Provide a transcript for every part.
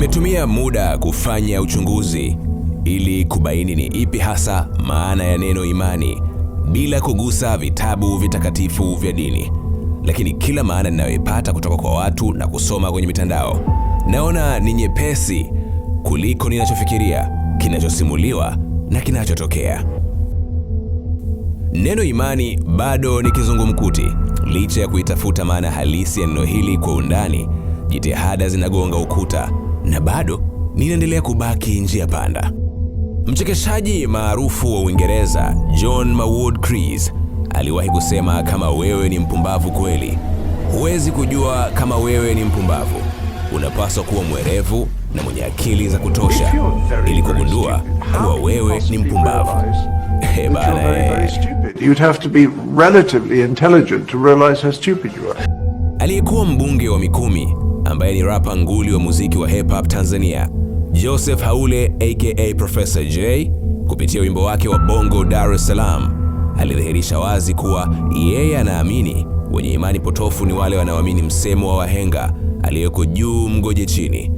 Nimetumia muda kufanya uchunguzi ili kubaini ni ipi hasa maana ya neno imani bila kugusa vitabu vitakatifu vya dini, lakini kila maana ninayoipata kutoka kwa watu na kusoma kwenye mitandao, naona ni nyepesi kuliko ninachofikiria, kinachosimuliwa na kinachotokea. Neno imani bado ni kizungumkuti. Licha ya kuitafuta maana halisi ya neno hili kwa undani, jitihada zinagonga ukuta na bado ninaendelea kubaki njia panda. Mchekeshaji maarufu wa Uingereza John Maynard Keynes aliwahi kusema, kama wewe ni mpumbavu kweli, huwezi kujua kama wewe ni mpumbavu. Unapaswa kuwa mwerevu na mwenye akili za kutosha ili kugundua kuwa wewe ni mpumbavu. bana. have to be relatively intelligent to realize how stupid you are. Aliyekuwa mbunge wa Mikumi ambaye ni rapa nguli wa muziki wa hip hop Tanzania, Joseph Haule aka Professor J, kupitia wimbo wake wa Bongo Dar es Salaam alidhihirisha wazi kuwa yeye anaamini wenye imani potofu ni wale wanaoamini msemo wa wahenga aliyeko juu mgoje chini.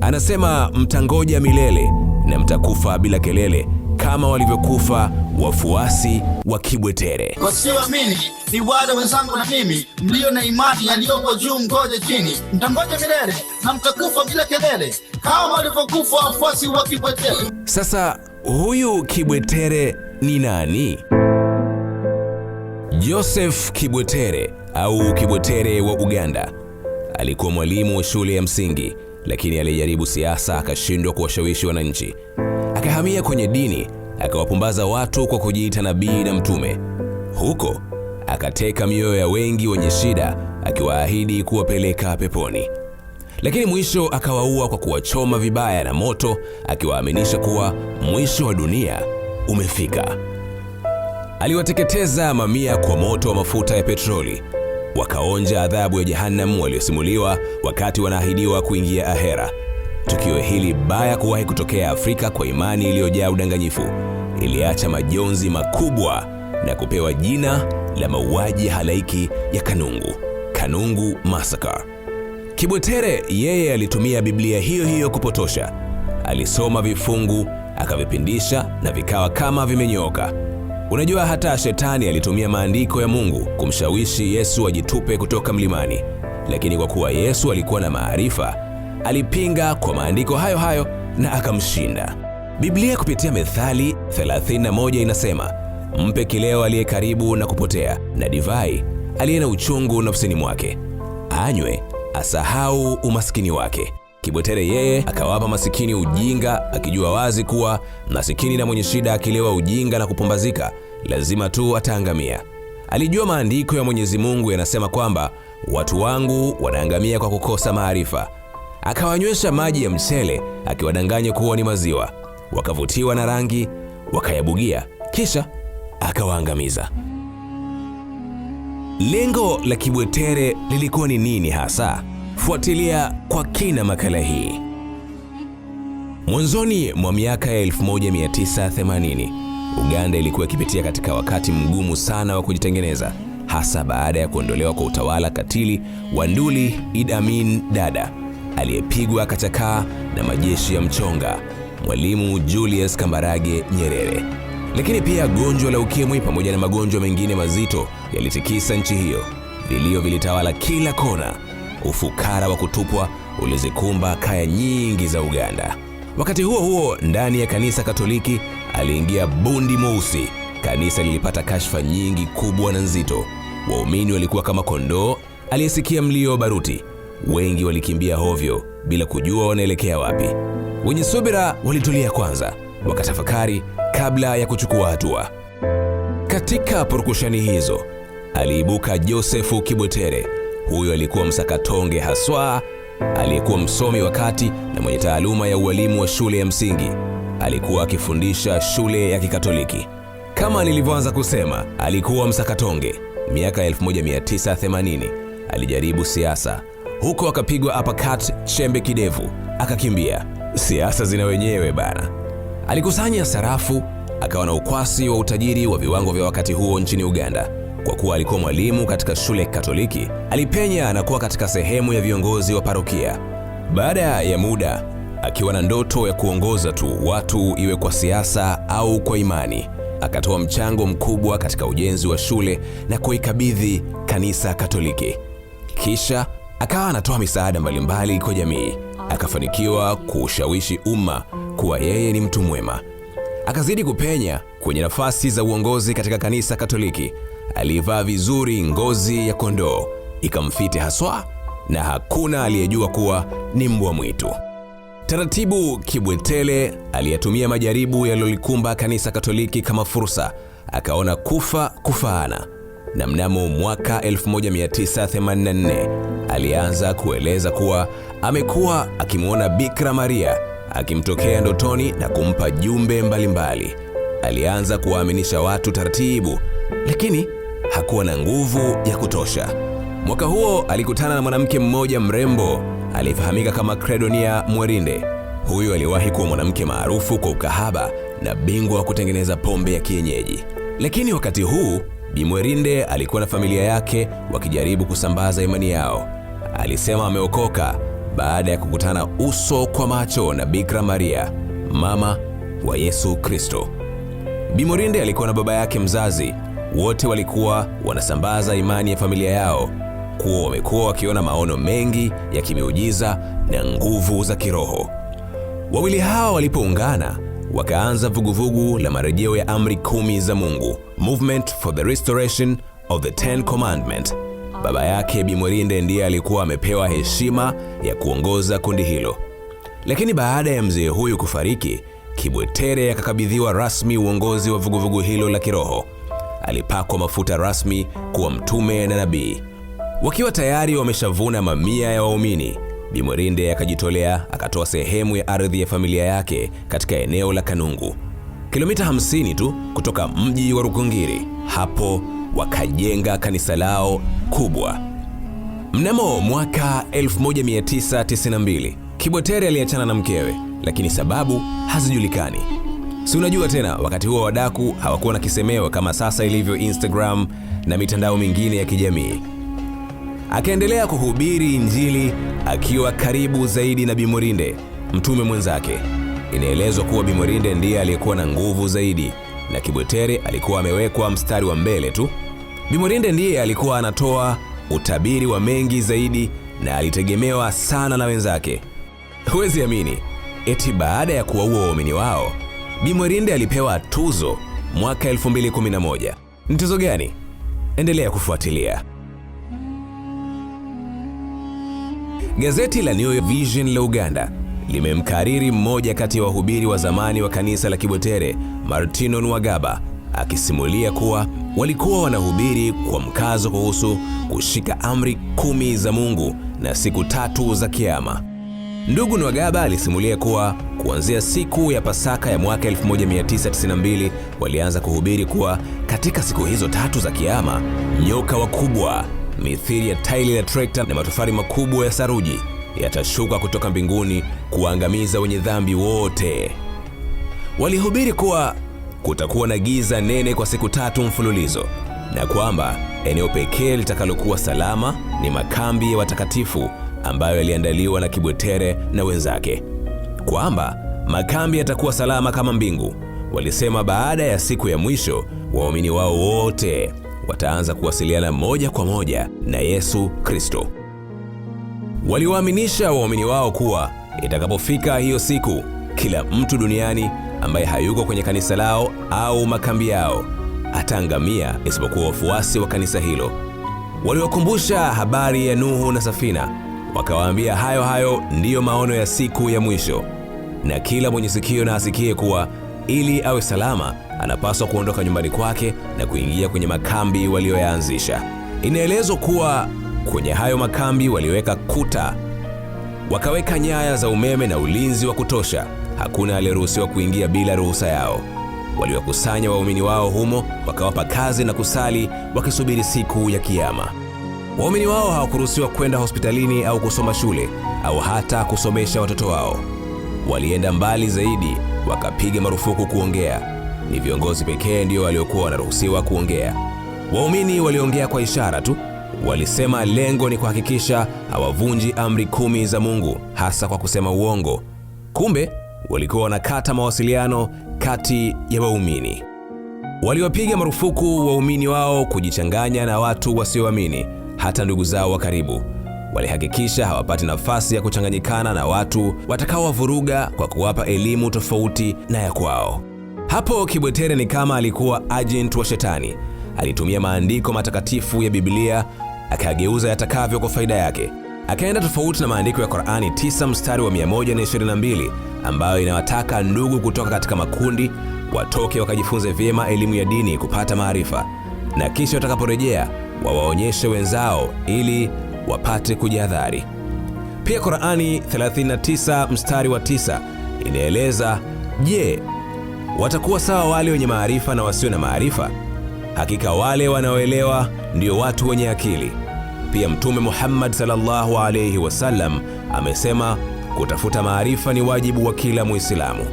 Anasema mtangoja milele na mtakufa bila kelele kama walivyokufa wafuasi wa Kibwetere. Wasioamini ni wale wenzangu na mimi, mlio na imani yaliyoko juu mgoje chini, mtangoja milele na mtakufa bila kelele, kama walivyokufa wafuasi wa Kibwetere. Sasa huyu Kibwetere ni nani? Joseph Kibwetere au Kibwetere wa Uganda alikuwa mwalimu wa shule ya msingi, lakini alijaribu siasa akashindwa kuwashawishi wananchi, akahamia kwenye dini akawapumbaza watu kwa kujiita nabii na mtume. Huko akateka mioyo ya wengi wenye shida, akiwaahidi kuwapeleka peponi. Lakini mwisho akawaua kwa kuwachoma vibaya na moto, akiwaaminisha kuwa mwisho wa dunia umefika. Aliwateketeza mamia kwa moto wa mafuta ya petroli, wakaonja adhabu ya Jehanamu waliosimuliwa wakati wanaahidiwa kuingia Ahera. Tukio hili baya kuwahi kutokea Afrika kwa imani iliyojaa udanganyifu iliacha majonzi makubwa na kupewa jina la mauaji halaiki ya Kanungu, Kanungu Massacre. Kibwetere yeye alitumia Biblia hiyo hiyo kupotosha. Alisoma vifungu akavipindisha na vikawa kama vimenyooka. Unajua, hata shetani alitumia maandiko ya Mungu kumshawishi Yesu ajitupe kutoka mlimani, lakini kwa kuwa Yesu alikuwa na maarifa alipinga kwa maandiko hayo hayo na akamshinda. Biblia kupitia Methali 31 inasema, mpe kileo aliye karibu na kupotea, na divai aliye na uchungu nafsini mwake, anywe asahau umaskini wake. Kibwetere yeye akawapa masikini ujinga, akijua wazi kuwa masikini na mwenye shida akilewa ujinga na kupumbazika, lazima tu ataangamia. Alijua maandiko ya Mwenyezi Mungu yanasema kwamba watu wangu wanaangamia kwa kukosa maarifa akawanywesha maji ya mchele akiwadanganya kuwa ni maziwa. Wakavutiwa na rangi, wakayabugia, kisha akawaangamiza. Lengo la kibwetere lilikuwa ni nini hasa? Fuatilia kwa kina makala hii. Mwanzoni mwa miaka ya 1980 Uganda ilikuwa ikipitia katika wakati mgumu sana wa kujitengeneza, hasa baada ya kuondolewa kwa utawala katili wa Nduli Idi Amin Dada aliyepigwa kachakaa na majeshi ya mchonga Mwalimu Julius Kambarage Nyerere. Lakini pia gonjwa la ukimwi pamoja na magonjwa mengine mazito yalitikisa nchi hiyo. Vilio vilitawala kila kona. Ufukara wa kutupwa ulizikumba kaya nyingi za Uganda. Wakati huo huo, ndani ya kanisa Katoliki aliingia bundi mweusi. Kanisa lilipata kashfa nyingi kubwa na nzito. Waumini walikuwa kama kondoo aliyesikia mlio wa baruti. Wengi walikimbia hovyo bila kujua wanaelekea wapi. Wenye subira walitulia kwanza, wakatafakari kabla ya kuchukua hatua. Katika purukushani hizo aliibuka Josefu Kibwetere. Huyo alikuwa msakatonge haswa, aliyekuwa msomi wa kati na mwenye taaluma ya ualimu wa shule ya msingi. Alikuwa akifundisha shule ya Kikatoliki. Kama nilivyoanza kusema, alikuwa msakatonge. Miaka 1980 alijaribu siasa huko akapigwa apakat chembe kidevu, akakimbia. Siasa zina wenyewe bana. Alikusanya sarafu, akawa na ukwasi wa utajiri wa viwango vya wakati huo nchini Uganda. Kwa kuwa alikuwa mwalimu katika shule Katoliki, alipenya na kuwa katika sehemu ya viongozi wa parokia. Baada ya muda, akiwa na ndoto ya kuongoza tu watu, iwe kwa siasa au kwa imani, akatoa mchango mkubwa katika ujenzi wa shule na kuikabidhi kanisa Katoliki. Kisha Akawa anatoa misaada mbalimbali kwa jamii, akafanikiwa kuushawishi umma kuwa yeye ni mtu mwema. Akazidi kupenya kwenye nafasi za uongozi katika kanisa Katoliki. Aliyevaa vizuri ngozi ya kondoo ikamfiti haswa, na hakuna aliyejua kuwa ni mbwa mwitu. Taratibu, Kibwetele aliyetumia majaribu yaliyolikumba kanisa Katoliki kama fursa, akaona kufa kufaana, na mnamo mwaka 1984 alianza kueleza kuwa amekuwa akimwona bikra Maria akimtokea ndotoni na kumpa jumbe mbalimbali Alianza kuwaaminisha watu taratibu, lakini hakuwa na nguvu ya kutosha. Mwaka huo alikutana na mwanamke mmoja mrembo aliyefahamika kama Credonia Mwerinde. Huyu aliwahi kuwa mwanamke maarufu kwa ukahaba na bingwa wa kutengeneza pombe ya kienyeji, lakini wakati huu bimwerinde alikuwa na familia yake wakijaribu kusambaza imani yao alisema ameokoka baada ya kukutana uso kwa macho na Bikira Maria, mama wa Yesu Kristo. Bi Morinde alikuwa na baba yake mzazi, wote walikuwa wanasambaza imani ya familia yao kuwa wamekuwa wakiona maono mengi ya kimiujiza na nguvu za kiroho. Wawili hawa walipoungana wakaanza vuguvugu la marejeo ya amri kumi za Mungu, Movement for the Restoration of the Ten Commandments. Baba yake Bimwerinde ndiye alikuwa amepewa heshima ya kuongoza kundi hilo, lakini baada ya mzee huyu kufariki, Kibwetere akakabidhiwa rasmi uongozi wa vuguvugu hilo la kiroho. Alipakwa mafuta rasmi kuwa mtume na nabii. Wakiwa tayari wameshavuna mamia ya waumini, Bimwerinde akajitolea akatoa sehemu ya ardhi ya familia yake katika eneo la Kanungu, kilomita 50 tu kutoka mji wa Rukungiri. Hapo wakajenga kanisa lao kubwa. Mnamo mwaka 1992 Kibwetere aliachana na mkewe, lakini sababu hazijulikani. Si unajua tena, wakati huo wadaku hawakuwa na kisemeo kama sasa ilivyo Instagram na mitandao mingine ya kijamii. Akaendelea kuhubiri Injili akiwa karibu zaidi na Bimorinde, mtume mwenzake. Inaelezwa kuwa Bimorinde ndiye aliyekuwa na nguvu zaidi na Kibwetere alikuwa amewekwa mstari wa mbele tu. Bimorinde ndiye alikuwa anatoa utabiri wa mengi zaidi na alitegemewa sana na wenzake. Huwezi amini, eti baada ya kuwaua waumini wao, Bimorinde alipewa tuzo mwaka 2011. Ni tuzo gani? Endelea kufuatilia. Gazeti la New Vision la Uganda limemkariri mmoja kati ya wahubiri wa zamani wa kanisa la Kibotere, Martino Nwagaba akisimulia kuwa walikuwa wanahubiri kwa mkazo kuhusu kushika amri kumi za Mungu na siku tatu za Kiama. Ndugu Nwagaba alisimulia kuwa kuanzia siku ya Pasaka ya mwaka 1992 walianza kuhubiri kuwa katika siku hizo tatu za Kiama, nyoka wakubwa mithili ya tairi la trekta na matofali makubwa ya saruji yatashuka kutoka mbinguni kuangamiza wenye dhambi wote. Walihubiri kuwa kutakuwa na giza nene kwa siku tatu mfululizo na kwamba eneo pekee litakalokuwa salama ni makambi ya watakatifu ambayo yaliandaliwa na Kibwetere na wenzake, kwamba makambi yatakuwa salama kama mbingu. Walisema baada ya siku ya mwisho waumini wao wote wataanza kuwasiliana moja kwa moja na Yesu Kristo. Waliwaaminisha waumini wao kuwa itakapofika hiyo siku, kila mtu duniani ambaye hayuko kwenye kanisa lao au makambi yao ataangamia isipokuwa wafuasi wa kanisa hilo. Waliwakumbusha habari ya Nuhu na safina, wakawaambia hayo hayo ndiyo maono ya siku ya mwisho, na kila mwenye sikio na asikie kuwa ili awe salama anapaswa kuondoka nyumbani kwake na kuingia kwenye makambi walioyaanzisha. Inaelezwa kuwa kwenye hayo makambi waliweka kuta, wakaweka nyaya za umeme na ulinzi wa kutosha hakuna aliyeruhusiwa kuingia bila ruhusa yao. Waliwakusanya waumini wao humo, wakawapa kazi na kusali, wakisubiri siku ya Kiyama. Waumini wao hawakuruhusiwa kwenda hospitalini au kusoma shule au hata kusomesha watoto wao. Walienda mbali zaidi, wakapiga marufuku kuongea. Ni viongozi pekee ndio waliokuwa wanaruhusiwa kuongea. Waumini waliongea kwa ishara tu. Walisema lengo ni kuhakikisha hawavunji amri kumi za Mungu, hasa kwa kusema uongo. Kumbe walikuwa wanakata mawasiliano kati ya waumini. Waliwapiga marufuku waumini wao kujichanganya na watu wasioamini, hata ndugu zao wa karibu. Walihakikisha hawapati nafasi ya kuchanganyikana na watu watakaowavuruga kwa kuwapa elimu tofauti na ya kwao. Hapo Kibwetere ni kama alikuwa ajenti wa Shetani. Alitumia maandiko matakatifu ya Biblia akageuza yatakavyo kwa faida yake akaenda tofauti na maandiko ya Qur'ani 9 mstari wa 122 ambayo inawataka ndugu kutoka katika makundi watoke wakajifunze vyema elimu ya dini kupata maarifa, na kisha watakaporejea wawaonyeshe wenzao ili wapate kujihadhari. Pia Qur'ani 39 mstari wa 9 inaeleza, je, watakuwa sawa wale wenye maarifa na wasio na maarifa? Hakika wale wanaoelewa ndio watu wenye akili. Pia Mtume Muhammad sallallahu alayhi wasallam amesema kutafuta maarifa ni wajibu wa kila Muislamu.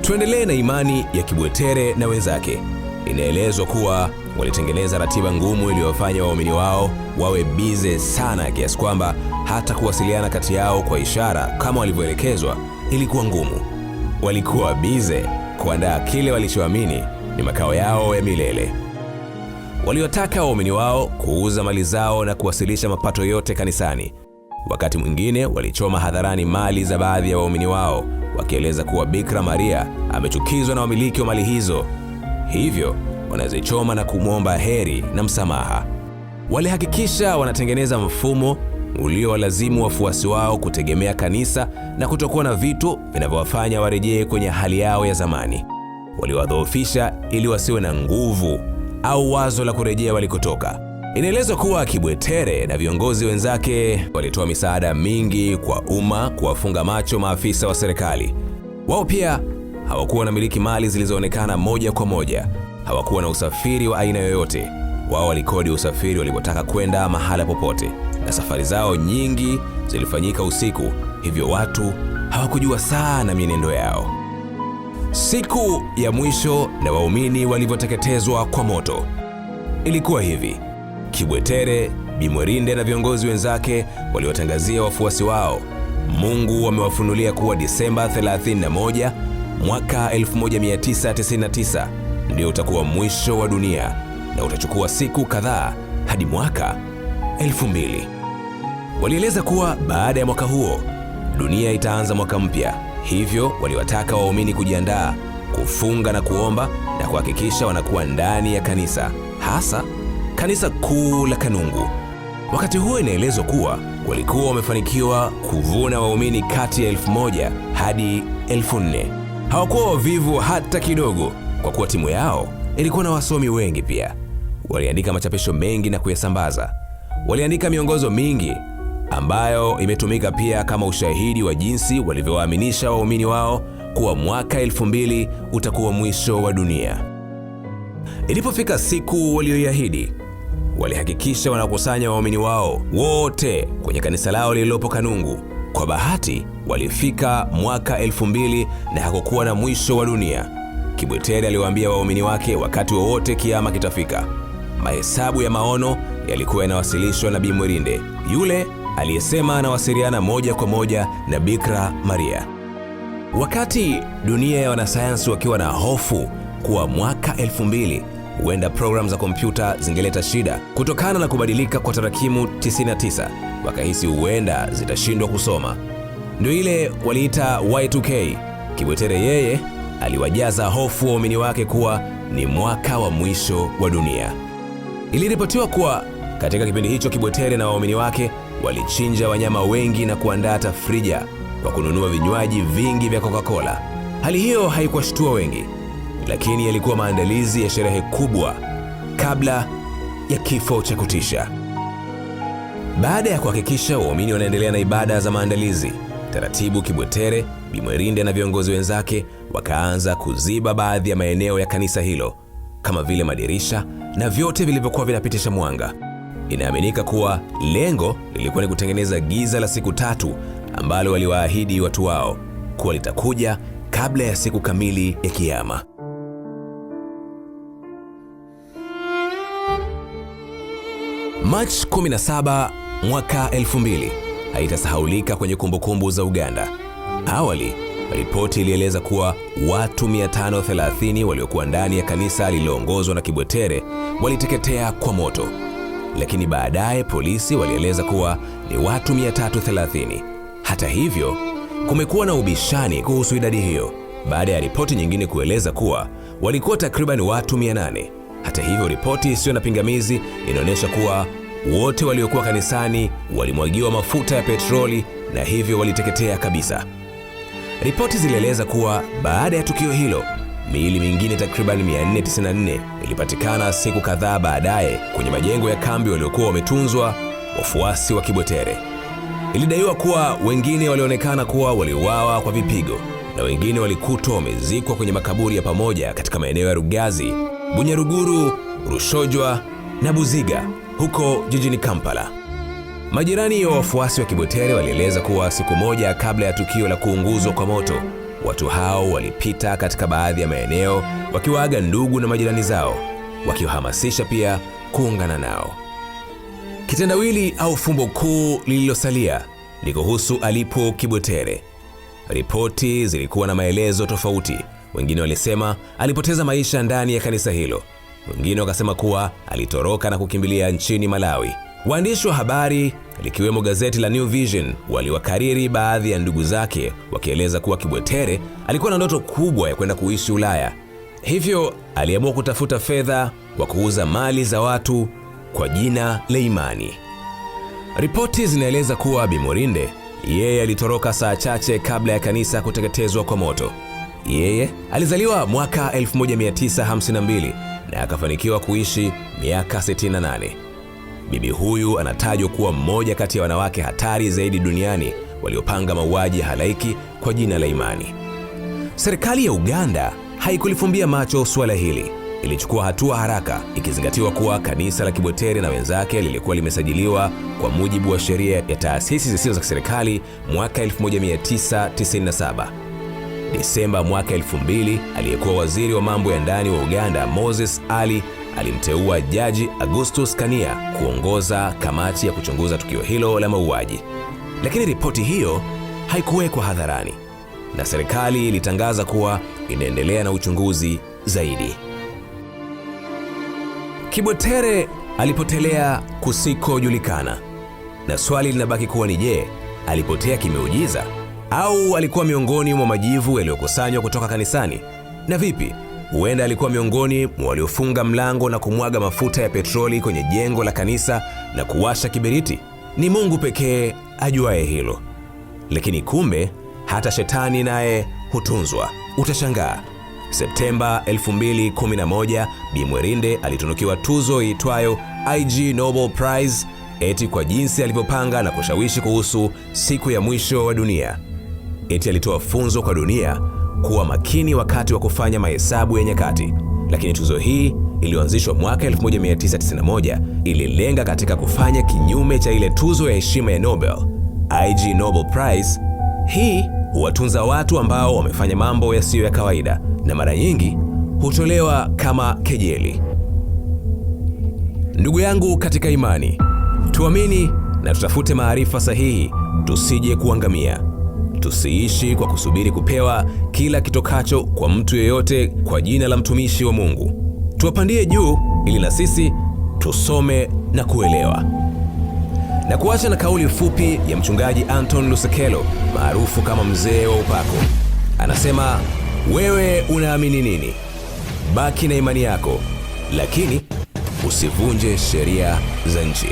Tuendelee na imani ya Kibwetere na wenzake. Inaelezwa kuwa walitengeneza ratiba ngumu iliyowafanya waumini wao wawe bize sana kiasi kwamba hata kuwasiliana kati yao kwa ishara kama walivyoelekezwa ilikuwa ngumu. Walikuwa bize kuandaa kile walichoamini ni makao yao ya milele waliotaka waumini wao kuuza mali zao na kuwasilisha mapato yote kanisani. Wakati mwingine walichoma hadharani mali za baadhi ya waumini wao, wakieleza kuwa Bikira Maria amechukizwa na wamiliki wa mali hizo, hivyo wanazichoma na kumwomba heri na msamaha. Walihakikisha wanatengeneza mfumo uliowalazimu wafuasi wao kutegemea kanisa na kutokuwa na vitu vinavyowafanya warejee kwenye hali yao ya zamani. Waliwadhoofisha ili wasiwe na nguvu au wazo la kurejea walikotoka. Inaelezwa kuwa Kibwetere na viongozi wenzake walitoa misaada mingi kwa umma kuwafunga macho maafisa wa serikali. Wao pia hawakuwa na miliki mali zilizoonekana moja kwa moja, hawakuwa na usafiri wa aina yoyote. Wao walikodi usafiri walipotaka kwenda mahala popote, na safari zao nyingi zilifanyika usiku, hivyo watu hawakujua sana mienendo yao. Siku ya mwisho na waumini walivyoteketezwa kwa moto. Ilikuwa hivi: Kibwetere, Bimwerinde na viongozi wenzake waliwatangazia wafuasi wao, Mungu wamewafunulia kuwa Disemba 31 mwaka 1999 ndio utakuwa mwisho wa dunia na utachukua siku kadhaa hadi mwaka 2 Walieleza kuwa baada ya mwaka huo dunia itaanza mwaka mpya Hivyo waliwataka waumini kujiandaa, kufunga na kuomba na kuhakikisha wanakuwa ndani ya kanisa, hasa kanisa kuu la Kanungu. Wakati huo inaelezwa kuwa walikuwa wamefanikiwa kuvuna waumini kati ya elfu moja hadi elfu nne. Hawakuwa wavivu hata kidogo, kwa kuwa timu yao ilikuwa na wasomi wengi pia. Waliandika machapisho mengi na kuyasambaza. Waliandika miongozo mingi ambayo imetumika pia kama ushahidi wa jinsi walivyowaaminisha waumini wao kuwa mwaka elfu mbili utakuwa mwisho wa dunia. Ilipofika siku walioiahidi, walihakikisha wanakusanya waumini wao wote kwenye kanisa lao lililopo Kanungu. Kwa bahati walifika mwaka elfu mbili na hakukuwa na mwisho wa dunia. Kibweteri aliwaambia waumini wake wakati wowote kiama kitafika. Mahesabu ya maono yalikuwa yanawasilishwa na Bimwerinde yule aliyesema anawasiliana moja kwa moja na bikra Maria. Wakati dunia ya wanasayansi wakiwa na hofu kuwa mwaka mbili huenda programu za kompyuta zingeleta shida kutokana na kubadilika kwa tarakimu 99, wakahisi huenda zitashindwa kusoma. Ndio ile waliita Y2K. Kibwetere yeye aliwajaza hofu waumini wake kuwa ni mwaka wa mwisho wa dunia. Iliripotiwa kuwa katika kipindi hicho Kibwetere na waumini wake walichinja wanyama wengi na kuandaa tafrija kwa kununua vinywaji vingi vya Coca-Cola. Hali hiyo haikuwashtua wengi, lakini yalikuwa maandalizi ya sherehe kubwa kabla ya kifo cha kutisha. Baada ya kuhakikisha waumini wanaendelea na ibada za maandalizi, taratibu Kibwetere, Bimwerinde na viongozi wenzake wakaanza kuziba baadhi ya maeneo ya kanisa hilo kama vile madirisha na vyote vilivyokuwa vinapitisha mwanga. Inaaminika kuwa lengo lilikuwa ni kutengeneza giza la siku tatu ambalo waliwaahidi watu wao kuwa litakuja kabla ya siku kamili ya Kiyama. Machi 17 mwaka 2000 haitasahaulika kwenye kumbukumbu za Uganda. Awali ripoti ilieleza kuwa watu 530 waliokuwa ndani ya kanisa lililoongozwa na Kibwetere waliteketea kwa moto lakini baadaye polisi walieleza kuwa ni watu 330. Hata hivyo, kumekuwa na ubishani kuhusu idadi hiyo baada ya ripoti nyingine kueleza kuwa walikuwa takriban watu 800. Hata hivyo, ripoti isiyo na pingamizi inaonyesha kuwa wote waliokuwa kanisani walimwagiwa mafuta ya petroli na hivyo waliteketea kabisa. Ripoti zilieleza kuwa baada ya tukio hilo Miili mingine takriban 494 ilipatikana siku kadhaa baadaye kwenye majengo ya kambi waliokuwa wametunzwa wafuasi wa Kibwetere. Ilidaiwa kuwa wengine walionekana kuwa waliuawa kwa vipigo na wengine walikutwa wamezikwa kwenye makaburi ya pamoja katika maeneo ya Rugazi, Bunyaruguru, Rushojwa na Buziga huko jijini Kampala. Majirani ya wafuasi wa Kibwetere walieleza kuwa siku moja kabla ya tukio la kuunguzwa kwa moto, Watu hao walipita katika baadhi ya maeneo wakiwaaga ndugu na majirani zao, wakiwahamasisha pia kuungana nao. Kitendawili au fumbo kuu lililosalia ni kuhusu Alipo kibwetere Ripoti zilikuwa na maelezo tofauti. Wengine walisema alipoteza maisha ndani ya kanisa hilo, wengine wakasema kuwa alitoroka na kukimbilia nchini Malawi. Waandishi wa habari likiwemo gazeti la New Vision waliwakariri baadhi ya ndugu zake wakieleza kuwa Kibwetere alikuwa na ndoto kubwa ya kwenda kuishi Ulaya, hivyo aliamua kutafuta fedha kwa kuuza mali za watu kwa jina la imani. Ripoti zinaeleza kuwa Bimorinde yeye alitoroka saa chache kabla ya kanisa kuteketezwa kwa moto. Yeye alizaliwa mwaka 1952 na akafanikiwa kuishi miaka 68. Bibi huyu anatajwa kuwa mmoja kati ya wanawake hatari zaidi duniani waliopanga mauaji ya halaiki kwa jina la imani. Serikali ya Uganda haikulifumbia macho suala hili. Ilichukua hatua haraka, ikizingatiwa kuwa kanisa la Kibweteri na wenzake lilikuwa limesajiliwa kwa mujibu wa sheria ya taasisi zisizo za kiserikali mwaka 1997. Desemba mwaka 2000, aliyekuwa waziri wa mambo ya ndani wa Uganda Moses Ali alimteua Jaji Augustus Kania kuongoza kamati ya kuchunguza tukio hilo la mauaji, lakini ripoti hiyo haikuwekwa hadharani na serikali ilitangaza kuwa inaendelea na uchunguzi zaidi. Kibwetere alipotelea kusikojulikana, na swali linabaki kuwa ni je, alipotea kimeujiza au alikuwa miongoni mwa majivu yaliyokusanywa kutoka kanisani? Na vipi huenda alikuwa miongoni mwa waliofunga mlango na kumwaga mafuta ya petroli kwenye jengo la kanisa na kuwasha kiberiti. Ni Mungu pekee ajuaye hilo, lakini kumbe hata shetani naye hutunzwa. Utashangaa, Septemba 2011 Bi Mwerinde alitunukiwa tuzo iitwayo IG Nobel Prize eti kwa jinsi alivyopanga na kushawishi kuhusu siku ya mwisho wa dunia. Eti alitoa funzo kwa dunia kuwa makini wakati wa kufanya mahesabu ya nyakati, lakini tuzo hii iliyoanzishwa mwaka 1991 ililenga katika kufanya kinyume cha ile tuzo ya heshima ya Nobel, IG Nobel Prize. Hii huwatunza watu ambao wamefanya mambo yasiyo ya kawaida na mara nyingi hutolewa kama kejeli. Ndugu yangu katika imani, tuamini na tutafute maarifa sahihi, tusije kuangamia tusiishi kwa kusubiri kupewa kila kitokacho kwa mtu yeyote kwa jina la mtumishi wa Mungu. Tuwapandie juu ili na sisi tusome na kuelewa. Na kuacha na kauli fupi ya mchungaji Anton Lusekelo maarufu kama mzee wa upako. Anasema, wewe unaamini nini? Baki na imani yako, lakini usivunje sheria za nchi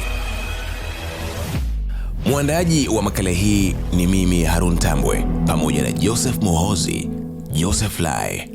mwandaji wa makala hii ni mimi Harun Tambwe pamoja na Joseph Mohozi, Joseph Lai